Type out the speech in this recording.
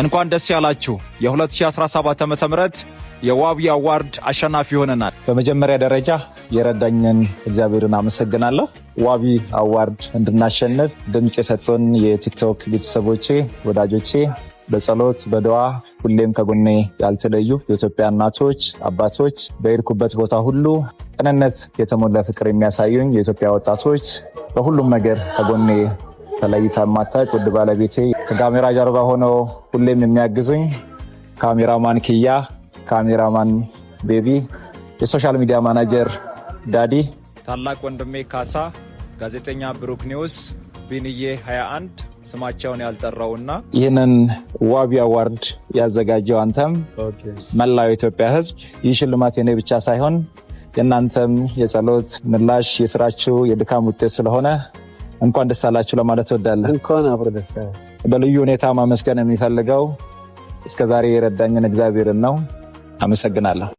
እንኳን ደስ ያላችሁ የ2017 ዓ ም የዋቢ አዋርድ አሸናፊ ይሆነናል በመጀመሪያ ደረጃ የረዳኝን እግዚአብሔርን አመሰግናለሁ። ዋቢ አዋርድ እንድናሸንፍ ድምፅ የሰጡን የቲክቶክ ቤተሰቦቼ፣ ወዳጆቼ በጸሎት በድዋ ሁሌም ከጎኔ ያልተለዩ የኢትዮጵያ እናቶች፣ አባቶች በሄድኩበት ቦታ ሁሉ ቅንነት የተሞላ ፍቅር የሚያሳዩኝ የኢትዮጵያ ወጣቶች በሁሉም ነገር ከጎኔ ተለይታ ማታውቅ ውድ ባለቤቴ ከካሜራ ጀርባ ሆነው ሁሌም የሚያግዙኝ ካሜራማን ኪያ፣ ካሜራማን ቤቢ፣ የሶሻል ሚዲያ ማናጀር ዳዲ፣ ታላቅ ወንድሜ ካሳ፣ ጋዜጠኛ ብሩክ ኒውስ፣ ቢንዬ 21 ስማቸውን ያልጠራውና ይህንን ዋቢ አዋርድ ያዘጋጀው አንተም፣ መላው የኢትዮጵያ ሕዝብ ይህ ሽልማት የኔ ብቻ ሳይሆን የእናንተም የጸሎት ምላሽ የስራችሁ የድካም ውጤት ስለሆነ እንኳን ደስ አላችሁ ለማለት እወዳለሁ። እንኳን አብሮ ደስ በልዩ ሁኔታ ማመስገን የሚፈልገው እስከዛሬ የረዳኝን እግዚአብሔርን ነው። አመሰግናለሁ።